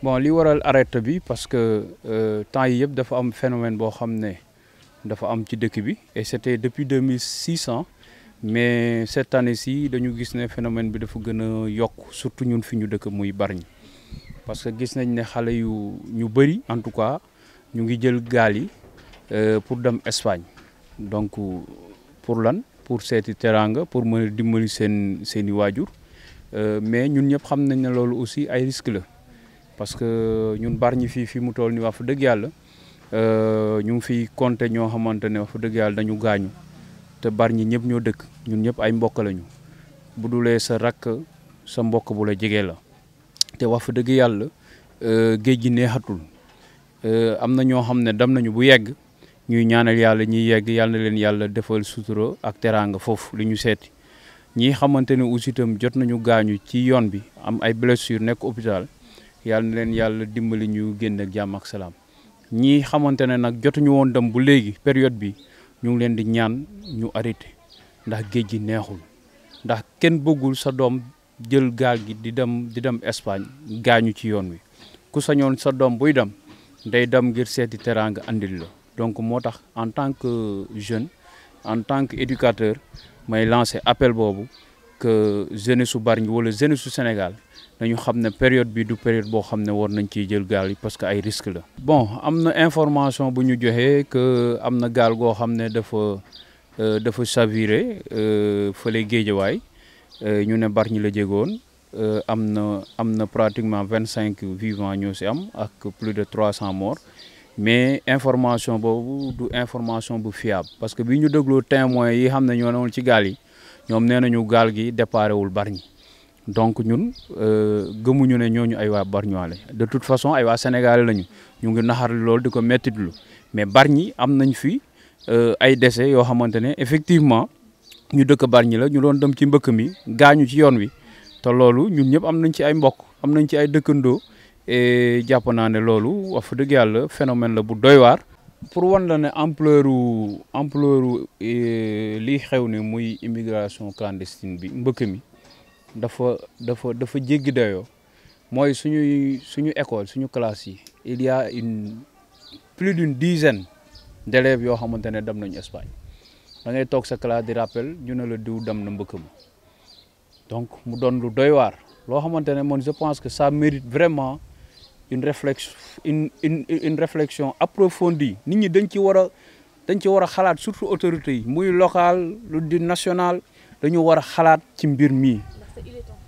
bon li waral arrêté bi parce que euh, temps yeb dafa am phénomène bo xamné dafa am ci dëkk bi et c'était depuis 2600, mais cette année-ci dañu gis né phénomène bi dafa gëna yok surtout ñun fi ñu dëkk muy Bargny parce que gis nañ né xalé yu ñu bari en tout cas ñu ngi jël gal yi euh, pour dem Espagne donc pour lan pour cette teraanga pour mën a dimbali sen seen i euh, mais ñun ñëpp xam nañ né lolu aussi ay risque la parce que ñun Bargny fii fi mu toll nii wax fa dëgg yàlla euh, ñu ngi fiy compter ñoo xamante ne wax dëgg yàlla dañu gaañu te ñi ñëpp ñoo dëkk ñun ñëpp ay mbokk lañu bu dulee sa rakk sa mbokk bu la jege la te wax fa dëgg yàlla euh, géej gi neexatul euh, am na ñoo xam ne dam nañu bu yegg ñuy ñaanal yàlla ñuy yegg yàlla na leen yàlla defal sutura ak teraanga foofu lu ñu seeti ñi xamante ne aussi itam jot nañu gaañu ci yoon bi am ay blessure nekk hôpital yàlla na leen yàlla dimbali ñu génn ak jàmm ak salaam ñi xamante ne nag jotuñu woon dem bu léegi période bi ñu ngi leen di ñaan ñu arrêté ndax géej gi neexul ndax kenn bëggul sa doom jël gaal gi di dem di dem Espagne gaañu ci yoon wi ku sañoon sa doom buy dem day dem ngir seeti teraanga andil la donc moo tax en tant que jeune en tant que éducateur may lancer appel boobu que jeunesse su bariñ wala jeunesse su Sénégal nañu xam ne période bi du période boo xam ne war nañ ciy jël gaal yi parce que ay risque la. bon am na information bu ñu joxee que am na gaal goo xam ne dafa euh, dafa chaviré euh, fële géejawaay euh, ñu ne Bargny la jégoon am na am na pratiquement vingt cinq vivants ñoo si am ak plus de trois cent morts mais information boobu du information bu fiable parce que bi ñu dégloo témoins yi xam ne ñoo newoon ci gaal yi ñoom nee nañu gaal gi déparé wul ñi donc ñun euh, gëmuñu ne ñooñu ay waa Bargnois de tout façon ay waa Sénégal lañu ñu ngi naxar loolu di ko mettitlu mais Bargny am nañ fi euh, ay décès yoo xamante ne effectivement ñu dëkk Bargny la ñu doon dem ci mbëkk mi gaañu ci yoon wi te loolu ñun ñëpp am nañ ci ay mbokk am nañ ci ay dëkkandoo et jàpp naa ne loolu wax dëgg yàlla phénomène la bu doy waar. pour wan la ne ampleur ampleur euh, liy xew ne muy immigration clandestine bi mbëkk mi. dafa dafa dafa jéggi dayoo mooy suñuy suñu école suñu classe yi il y a une plus d'une dizaine d'élèves yoo xamante ne dem nañu Espagne da ngay toog sa classe di rappel ñu ne la diw dem na mbëkk donc mu doon lu doy waar loo xamante ne je pense que ça mérite vraiment une réflexion une une une réflexion approfondie nit ñi dañ ci war a dañ ci war a xalaat surtout autorité yi muy local lu di national dañu war a xalaat ci mbir mii